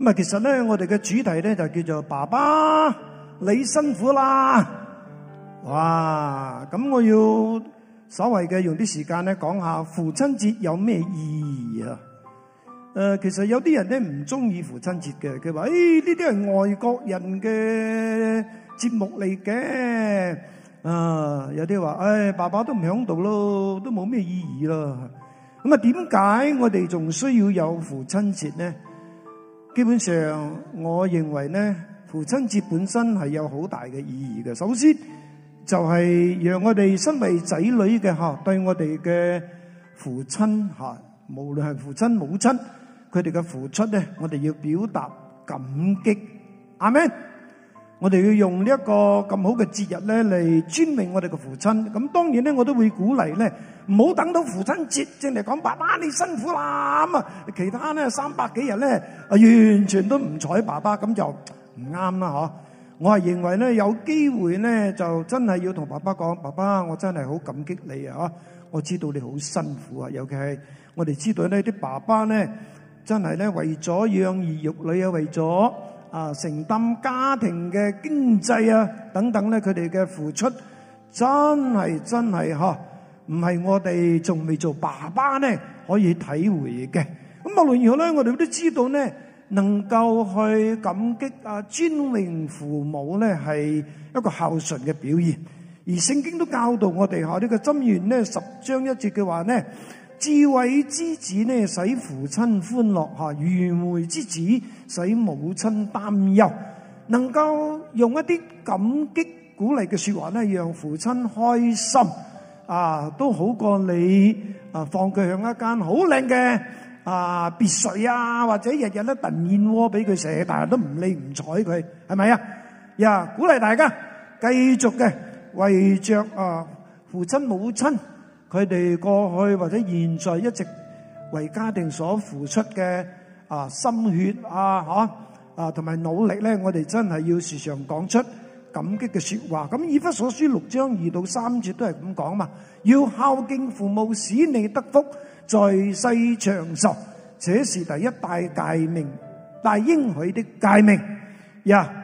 咁啊，其實咧，我哋嘅主題咧就叫做爸爸，你辛苦啦！哇，咁我要所謂嘅用啲時間咧，講下父親節有咩意義啊？誒、呃，其實有啲人咧唔中意父親節嘅，佢話誒呢啲係外國人嘅節目嚟嘅，啊，有啲話誒爸爸都唔響度咯，都冇咩意義啦。咁啊，點解我哋仲需要有父親節咧？基本上，我認為咧，父親節本身係有好大嘅意義嘅。首先，就係讓我哋身為仔女嘅吓，對我哋嘅父親吓，無論係父親母親，佢哋嘅付出咧，我哋要表達感激。阿門。我哋要用呢一個咁好嘅節日咧，嚟尊榮我哋嘅父親。咁當然咧，我都會鼓勵咧，唔好等到父親節正嚟講，爸爸你辛苦啦咁啊！其他咧，三百幾日咧，啊完全都唔睬爸爸，咁就唔啱啦嗬。我係認為咧，有機會咧就真係要同爸爸講，爸爸我真係好感激你啊！我知道你好辛苦啊，尤其係我哋知道呢啲爸爸咧真係咧為咗養兒育女啊，為咗。啊！承擔家庭嘅經濟啊，等等咧，佢哋嘅付出真係真係嗬，唔係我哋仲未做爸爸咧可以體會嘅。咁無論如何，咧，我哋都知道咧，能夠去感激啊尊榮父母咧，係一個孝順嘅表現。而聖經都教導我哋，嗬、啊這個、呢個箴言呢十章一節嘅話咧。智慧之子呢，使父親歡樂吓；愚昧之子，使母親擔憂。能夠用一啲感激鼓勵嘅說話呢，讓父親開心啊，都好過你啊，放佢響一間好靚嘅啊別墅啊，或者日日都燉燕窩俾佢食，不不 yeah, 大家都唔理唔睬佢，係咪啊？呀，鼓勵大家繼續嘅為着啊父親母親。佢哋過去或者現在一直為家庭所付出嘅啊心血啊，嗬啊同埋努力咧，我哋真係要時常講出感激嘅説話。咁《以弗所書》六章二到三節都係咁講嘛，要孝敬父母，使你得福，在世長壽。這是第一大誡命，大應許的誡命呀。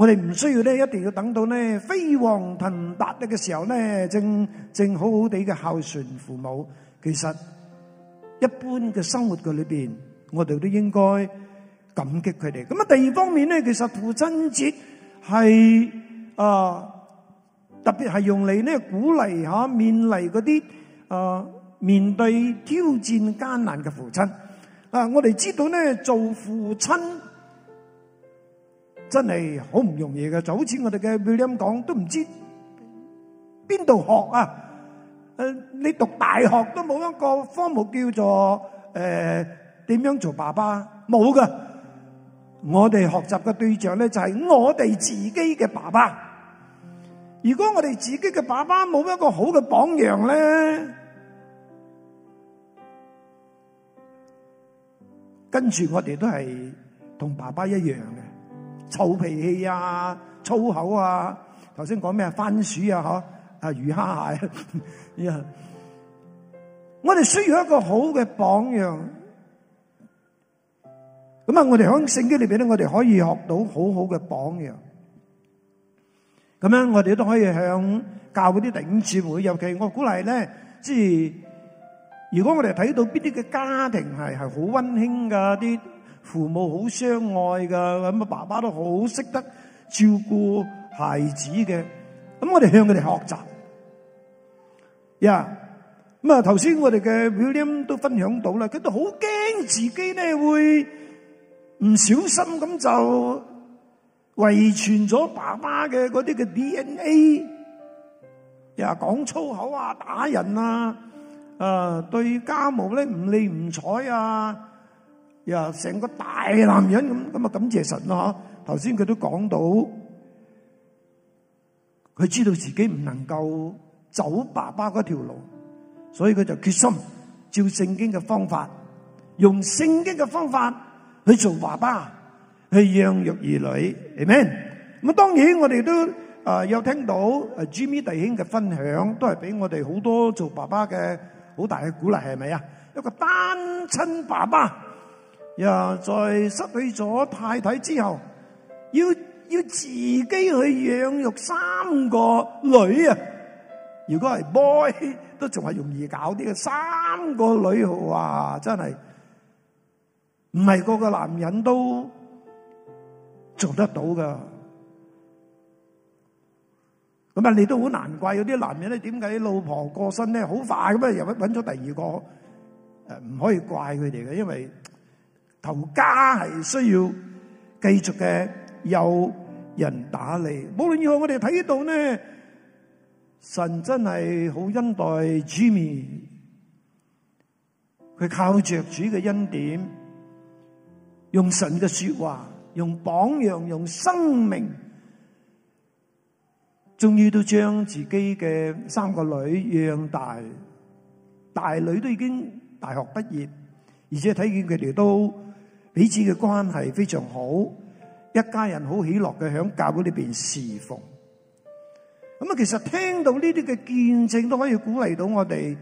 我哋唔需要咧，一定要等到咧飛黃騰達呢個時候咧，正正好好地嘅孝順父母。其實一般嘅生活嘅裏邊，我哋都應該感激佢哋。咁啊，第二方面咧，其實父親節係啊、呃，特別係用嚟咧鼓勵吓、勉勵嗰啲啊面對挑戰艱難嘅父親啊、呃。我哋知道咧，做父親。真係好唔容易嘅，就好似我哋嘅 Beyond 講，都唔知邊度學啊！誒，你讀大學都冇一個科目叫做誒點、呃、樣做爸爸，冇嘅。我哋學習嘅對象咧，就係我哋自己嘅爸爸。如果我哋自己嘅爸爸冇一個好嘅榜樣咧，跟住我哋都係同爸爸一樣嘅。臭脾氣啊、粗口啊，頭先講咩番薯啊、嗬啊、魚蝦蟹、啊， yeah. 我哋需要一個好嘅榜樣。咁啊，我哋響聖經裏邊咧，我哋可以學到很好好嘅榜樣。咁樣我哋都可以向教會啲頂住會，尤其我鼓勵咧，即係如果我哋睇到邊啲嘅家庭係係好溫馨噶啲。父母好相愛噶，咁啊爸爸都好識得照顧孩子嘅，咁我哋向佢哋學習。呀，咁啊頭先我哋嘅 William 都分享到啦，佢都好驚自己咧會唔小心咁就遺傳咗爸爸嘅嗰啲嘅 DNA，又講粗口啊，打人啊，誒對家務咧唔理唔睬啊。又成個大男人咁咁啊！感謝神咯嗬！頭先佢都講到，佢知道自己唔能夠走爸爸嗰條路，所以佢就決心照聖經嘅方法，用聖經嘅方法去做爸爸，去養育兒女。Amen。咁啊，當然我哋都誒有聽到誒 Jimmy 弟兄嘅分享，都係俾我哋好多做爸爸嘅好大嘅鼓勵，係咪啊？有一個單親爸爸。又再失去咗太太之後，要要自己去養育三個女啊！如果係 boy 都仲係容易搞啲嘅，三個女哇，真係唔係個個男人都做得到噶。咁啊，你都好難怪有啲男人咧，點解老婆過身咧好快咁啊，又搵搵咗第二個？誒，唔可以怪佢哋嘅，因為。頭家係需要繼續嘅，有人打理。無論如何，我哋睇到呢，神真係好恩待主面。佢靠着主嘅恩典，用神嘅說話，用榜樣，用生命，終於都將自己嘅三個女養大。大女都已經大學畢業，而且睇見佢哋都。彼此嘅關係非常好，一家人好喜樂嘅響教會裏邊侍奉。咁啊，其實聽到呢啲嘅見證都可以鼓勵到我哋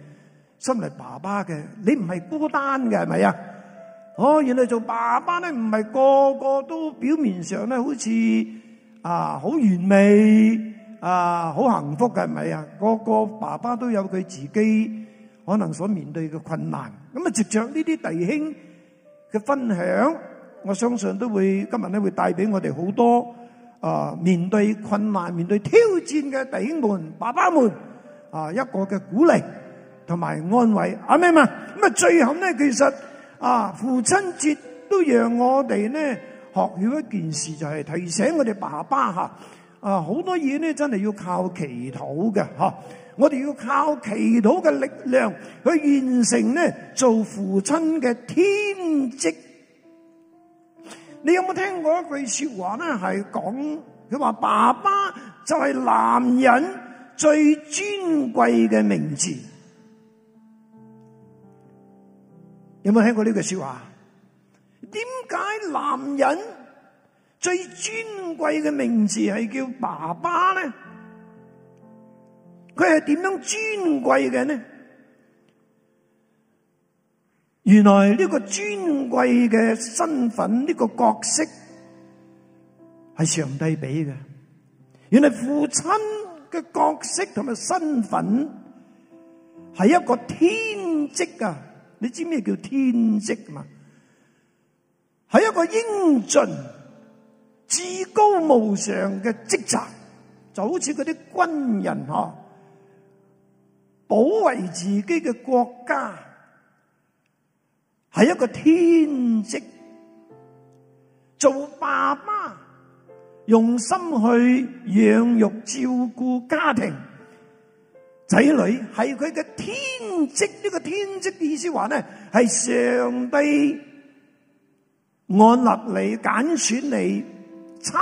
身為爸爸嘅，你唔係孤單嘅係咪啊？哦，原來做爸爸咧唔係個個都表面上咧好似啊好完美啊好幸福嘅係咪啊？個個爸爸都有佢自己可能所面對嘅困難。咁啊，藉着呢啲弟兄。嘅分享，我相信都會今日咧會帶俾我哋好多啊、呃、面對困難、面對挑戰嘅弟兄們、爸爸們啊、呃、一個嘅鼓勵同埋安慰，阿們啊。咁啊最後咧，其實啊父親節都讓我哋咧學曉一件事，就係、是、提醒我哋爸爸嚇啊好多嘢咧真係要靠祈禱嘅嚇。我哋要靠祈禱嘅力量去完成咧，做父親嘅天職。你有冇聽過一句說話咧？係講佢話，爸爸就係男人最尊貴嘅名字。有冇聽過呢句說話？點解男人最尊貴嘅名字係叫爸爸咧？佢係點樣尊貴嘅呢？原來呢個尊貴嘅身份，呢個角色係上帝俾嘅。原來父親嘅角色同埋身份係一個天職啊！你知咩叫天職嘛？係一個英俊、至高無上嘅職責，就好似嗰啲軍人啊保衛自己嘅國家係一個天職，做爸爸用心去養育照顧家庭仔女係佢嘅天職。呢個天職嘅意思話咧，係上帝按立你揀選你差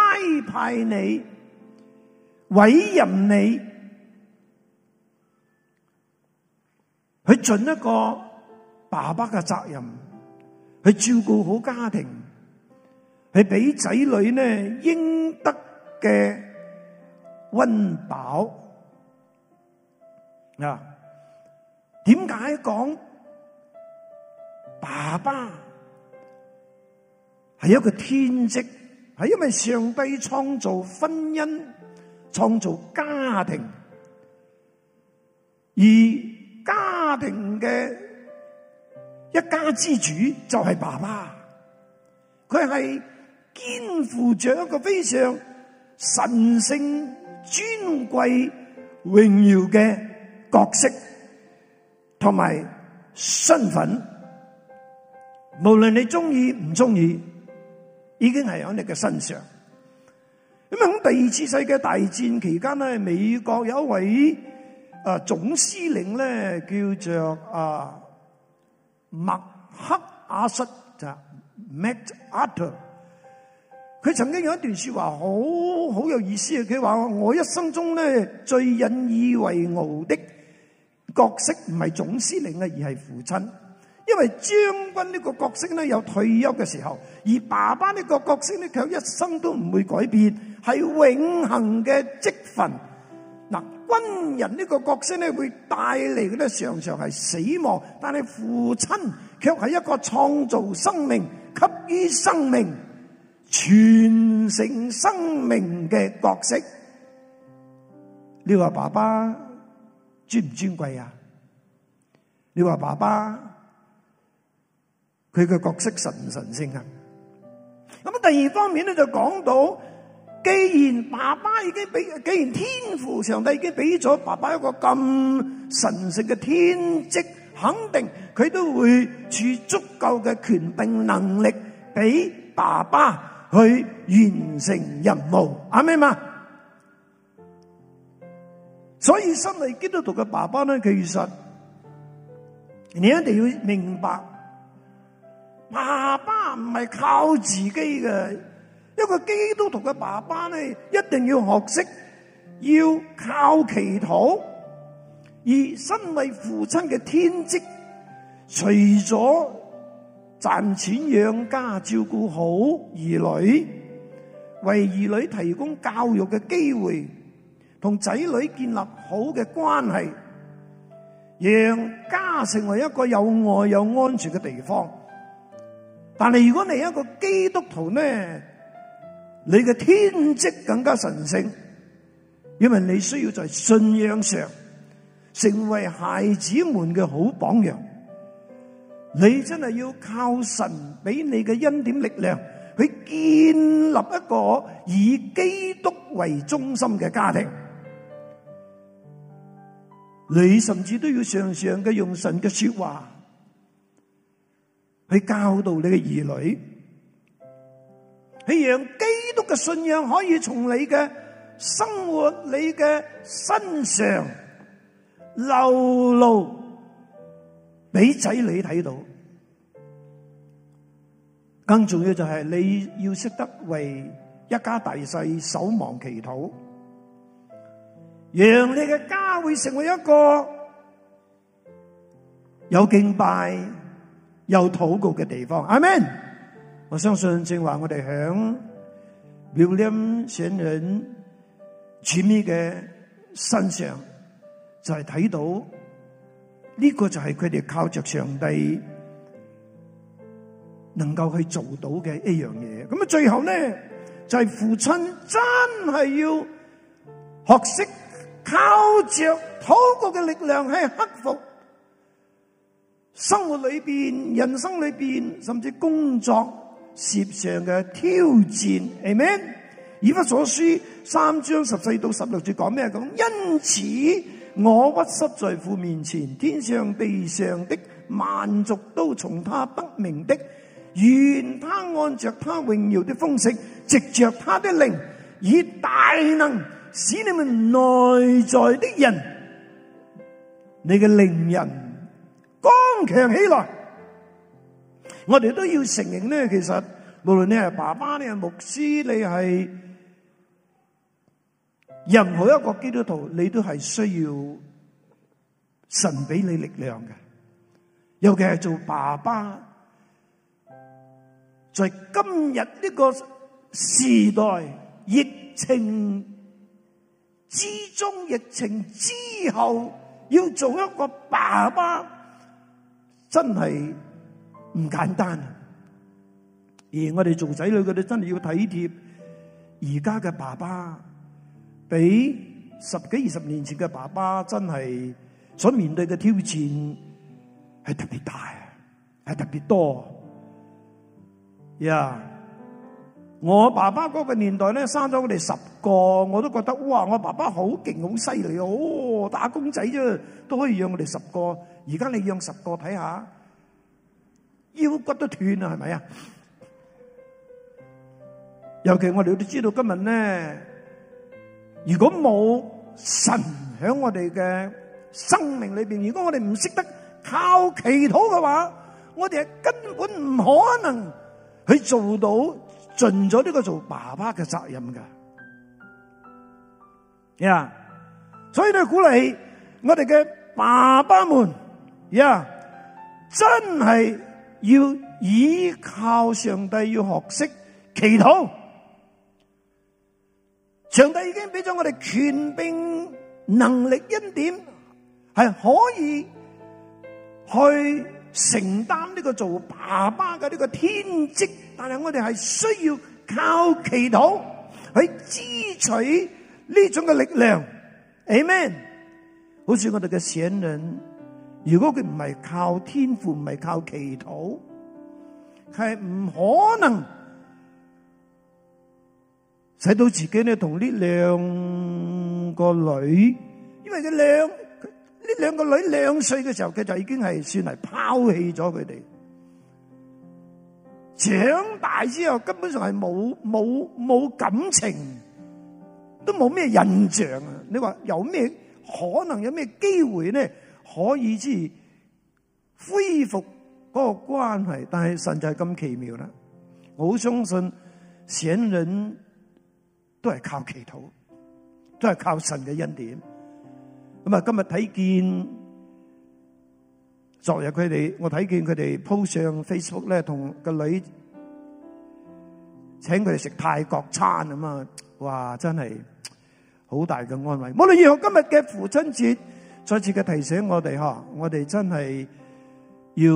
派你委任你。去盡一個爸爸嘅責任，去照顧好家庭，去俾仔女呢應得嘅溫飽。啊，點解講爸爸係一個天職？係因為上帝創造婚姻，創造家庭而。家庭嘅一家之主就係爸爸，佢係肩負着一個非常神聖、尊貴、榮耀嘅角色同埋身份。無論你中意唔中意，已經係喺你嘅身上。咁喺第二次世界大戰期間咧，美國有一位。啊、呃，總司令咧叫做啊麥克阿瑟，就是、MacArthur。佢曾經有一段説話，好好有意思啊！佢話：我一生中咧最引以為傲的角色唔係總司令啊，而係父親。因為將軍呢個角色咧有退休嘅時候，而爸爸呢個角色咧卻一生都唔會改變，係永恆嘅職分。恩人呢個角色咧，會帶嚟嘅咧，常常係死亡；但係父親卻係一個創造生命、給予生命、傳承生命嘅角色。你話爸爸尊唔尊貴啊？你話爸爸佢嘅角色神唔神聖啊？咁啊，第二方面咧就講到。既然爸爸已經俾，既然天父上帝已經俾咗爸爸一個咁神聖嘅天職，肯定佢都會儲足夠嘅權柄能力俾爸爸去完成任務，啱唔啱？所以身為基督徒嘅爸爸呢，其實你一定要明白，爸爸唔係靠自己嘅。一個基督徒嘅爸爸咧，一定要學識，要靠祈禱；而身為父親嘅天職，除咗賺錢養家、照顧好兒女、為兒女提供教育嘅機會，同仔女建立好嘅關係，讓家成為一個有愛、有安全嘅地方。但係如果你一個基督徒咧，你嘅天職更加神聖，因為你需要在信仰上成為孩子們嘅好榜樣。你真係要靠神俾你嘅恩典力量，去建立一個以基督為中心嘅家庭。你甚至都要常常嘅用神嘅說話去教導你嘅兒女，去讓基。基督嘅信仰可以從你嘅生活、你嘅身上流露，俾仔女睇到。更重要就係、是、你要識得為一家大細守望祈禱，讓你嘅家會成為一個有敬拜、有禱告嘅地方。阿門！我相信正話我哋響。妙林先人前面嘅身上就係睇到，呢個就係佢哋靠着上帝能夠去做到嘅一樣嘢。咁啊，最後咧就係父親真係要學識靠着禱告嘅力量去克服生活裏邊、人生裏邊，甚至工作涉上嘅挑戰，係咩？以弗所書三章十四到十六節講咩？講，因此我屈膝在父面前，天上地上的萬族都從他得名的，願他按着他榮耀的風式，藉着他的靈以大能使你們內在的人，你嘅靈人剛強起來。我哋都要承認咧，其實無論你係爸爸，你係牧師，你係任何一個基督徒，你都係需要神俾你力量嘅。尤其係做爸爸，在今日呢個時代疫情之中、疫情之後，要做一個爸爸，真係。唔簡單，而我哋做仔女嘅，你真係要體貼而家嘅爸爸，比十幾二十年前嘅爸爸真係所面對嘅挑戰係特別大，係特別多。呀、yeah.！我爸爸嗰個年代咧，生咗我哋十個，我都覺得哇！我爸爸好勁，好犀利哦！打工仔啫，都可以養我哋十個。而家你養十個看看，睇下。腰骨都斷啦，係咪啊？尤其我哋都知道，今日咧，如果冇神喺我哋嘅生命裏邊，如果我哋唔識得靠祈禱嘅話，我哋係根本唔可能去做到盡咗呢個做爸爸嘅責任噶。呀，所以都鼓勵我哋嘅爸爸們，呀，真係。要倚靠上帝，要學識祈禱。上帝已經俾咗我哋權柄、能力一點、恩典，係可以去承擔呢個做爸爸嘅呢個天職。但係我哋係需要靠祈禱去支取呢種嘅力量。Amen。好似我哋嘅閒人。如果佢唔係靠天賦，唔係靠祈禱，係唔可能使到自己咧同呢兩個女，因為佢兩呢兩個女兩歲嘅時候，佢就已經係算係拋棄咗佢哋。長大之後根本上係冇冇冇感情，都冇咩印象啊！你話有咩可能有咩機會咧？可以之恢復嗰個關係，但係神就係咁奇妙啦！我好相信善人都係靠祈禱，都係靠神嘅恩典。咁啊，今日睇見，昨日佢哋，我睇見佢哋 post 上 Facebook 咧，同個女請佢哋食泰國餐啊嘛，哇，真係好大嘅安慰。無論如何，今日嘅父親節。再次嘅提醒我哋嗬，我哋真係要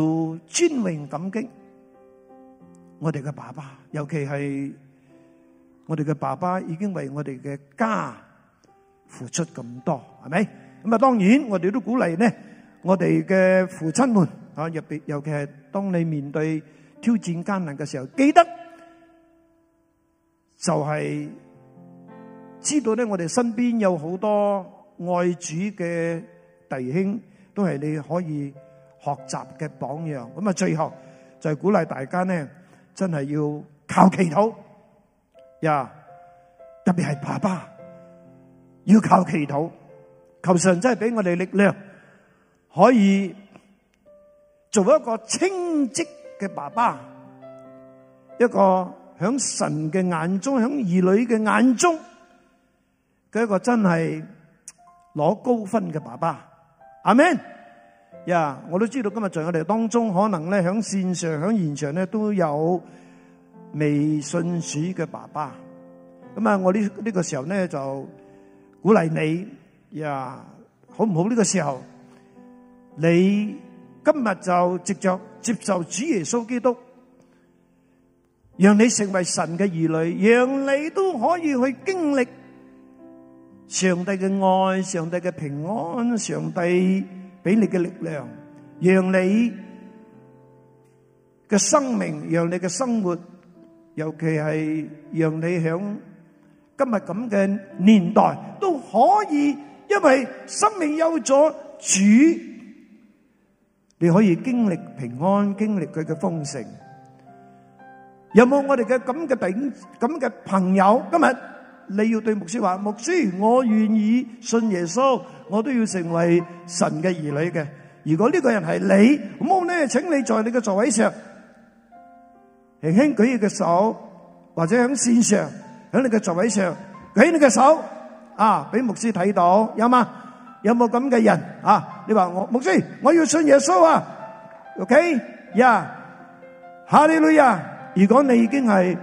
尊榮感激我哋嘅爸爸，尤其係我哋嘅爸爸已經為我哋嘅家付出咁多，係咪？咁啊，當然我哋都鼓勵呢，我哋嘅父親們啊，入邊尤其係當你面對挑戰艱難嘅時候，記得就係知道咧，我哋身邊有好多愛主嘅。弟兄都係你可以學習嘅榜樣，咁啊最後就係鼓勵大家咧，真係要靠祈禱，呀，特別係爸爸要靠祈禱，求神真係俾我哋力量，可以做一個稱職嘅爸爸，一個響神嘅眼中，響兒女嘅眼中，一個真係攞高分嘅爸爸。阿們，呀，我都知道今日在我哋當中，可能咧響線上、響現場咧都有未信主嘅爸爸，咁啊，我呢呢個時候咧就鼓勵你，呀，好唔好呢個時候，你今日就執着接受主耶穌基督，讓你成為神嘅兒女，讓你都可以去經歷。上帝嘅愛，上帝嘅平安，上帝俾你嘅力量，讓你嘅生命，讓你嘅生活，尤其係讓你響今日咁嘅年代都可以，因為生命有咗主，你可以經歷平安，經歷佢嘅豐盛。有冇我哋嘅咁嘅頂咁嘅朋友？今日？你要對牧師話，牧師，我願意信耶穌，我都要成為神嘅兒女嘅。如果呢個人係你，咁我咧，請你在你嘅座位上輕輕舉你嘅手，或者喺線上，喺你嘅座位上舉你嘅手，啊，俾牧師睇到，有嗎？有冇咁嘅人啊？你話我，牧師，我要信耶穌啊。OK，呀，哈利路亞！如果你已經係。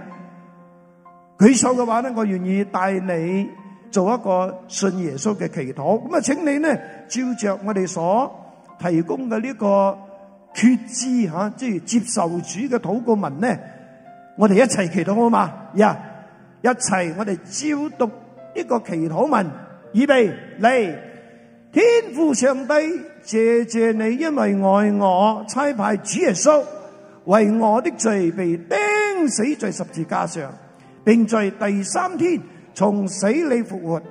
舉手嘅話咧，我願意帶你做一個信耶穌嘅祈禱。咁啊，請你咧照着我哋所提供嘅呢個決志吓，即係接受主嘅禱告文咧，我哋一齊祈禱好嘛呀，yeah, 一齊我哋照讀呢個祈禱文，預備嚟。天父上帝，謝謝你，因為愛我，差派主耶穌為我的罪被釘死在十字架上。並在第三天從死裏復活。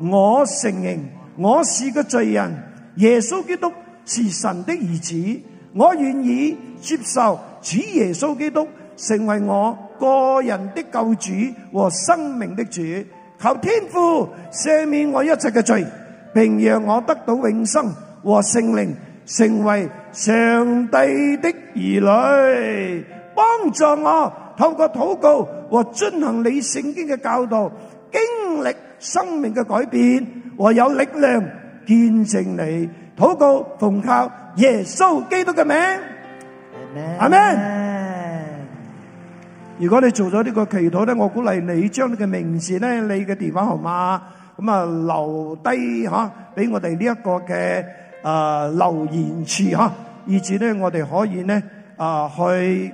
我承認我是個罪人，耶穌基督是神的兒子。我願意接受主耶穌基督成為我個人的救主和生命的主。求天父赦免我一切嘅罪，並讓我得到永生和聖靈，成為上帝的兒女。幫助我。透過禱告和遵行你聖經嘅教導，經歷生命嘅改變和有力量，見證你禱告，同靠耶穌基督嘅名，阿門。如果你做咗呢個祈禱咧，我鼓勵你將你嘅名字咧、你嘅電話號碼咁啊留低吓，俾我哋呢一個嘅誒留言處吓，以至咧我哋可以咧。啊，去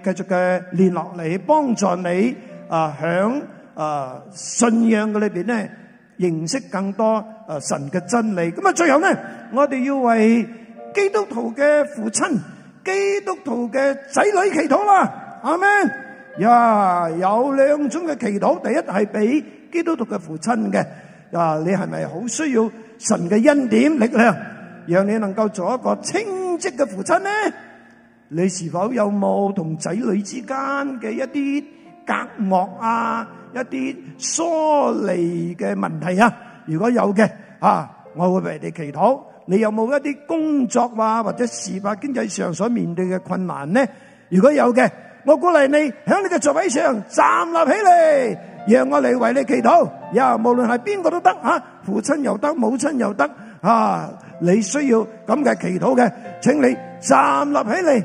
繼續嘅聯絡你，幫助你啊，響啊信仰嘅裏邊咧，認識更多啊神嘅真理。咁啊，最後咧，我哋要為基督徒嘅父親、基督徒嘅仔女祈禱啦，阿們。呀，有兩種嘅祈禱，第一係俾基督徒嘅父親嘅，啊，你係咪好需要神嘅恩典力量，讓你能夠做一個稱職嘅父親呢？你是否有冇同仔女之間嘅一啲隔膜啊，一啲疏離嘅問題啊？如果有嘅，啊，我會為你祈禱。你有冇一啲工作啊，或者事發經濟上所面對嘅困難呢？如果有嘅，我鼓勵你喺你嘅座位上站立起嚟，讓我嚟為你祈禱。又，無論係邊個都得嚇，父親又得，母親又得嚇，你需要咁嘅祈禱嘅，請你站立起嚟。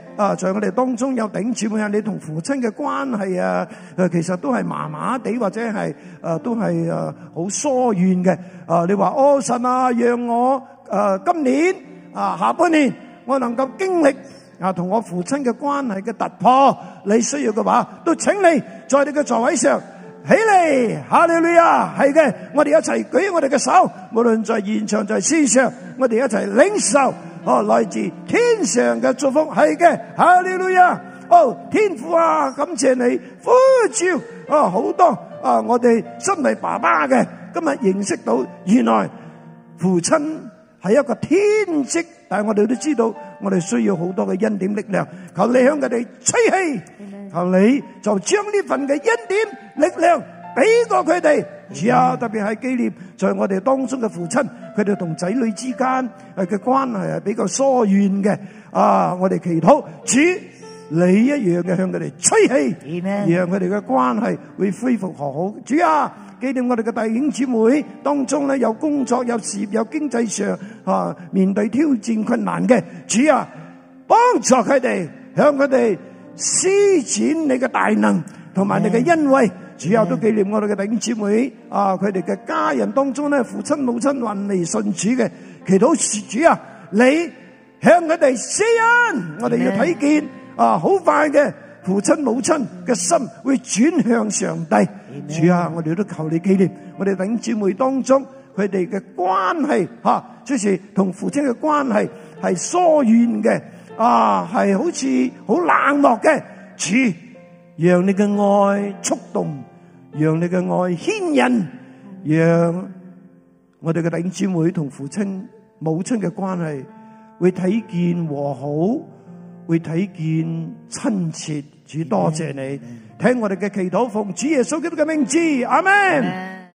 啊，在我哋當中有頂住，或者你同父親嘅關係啊，誒，其實都係麻麻地，或者係誒，都係誒，好疏遠嘅。啊，你話哦，神啊，讓我誒今年啊下半年我能夠經歷啊，同我父親嘅關係嘅突破。你需要嘅話，都請你在你嘅座位上起嚟，哈利路亞，係嘅。我哋一齊舉我哋嘅手，無論在現場，在線上，我哋一齊領受，哦，來自天上嘅祝福，係嘅，哈利路亞！哦，天父啊，感謝你，呼召啊好多啊，我哋身為爸爸嘅，今日認識到原來父親係一個天職，但係我哋都知道，我哋需要好多嘅恩典力量，求你向佢哋吹氣，求你就將呢份嘅恩典力量俾過佢哋，啊，特別係紀念在我哋當中嘅父親。佢哋同仔女之間嘅關係係比較疏遠嘅，啊！我哋祈禱主，你一樣嘅向佢哋吹氣，讓佢哋嘅關係會恢復和好。主啊，記念我哋嘅弟兄姊妹當中咧，有工作、有事業、有經濟上啊面對挑戰困難嘅，主啊，幫助佢哋向佢哋施展你嘅大能同埋你嘅恩惠。主啊，都紀念我哋嘅弟兄姊妹啊，佢哋嘅家人當中咧，父親母親運嚟順主嘅，祈禱主啊，你向佢哋施恩，我哋要睇見啊，好快嘅父親母親嘅心會轉向上帝。主啊，我哋都求你紀念我哋弟兄姊妹當中佢哋嘅關係吓，即是同父親嘅關係係疏遠嘅啊，係好似好冷漠嘅，主，讓你嘅愛觸動。讓你嘅愛牽引，讓我哋嘅弟兄姊妹同父親、母親嘅關係會睇見和好，會睇見親切。主多謝你，聽我哋嘅祈禱，奉主耶穌基督嘅名字，阿們。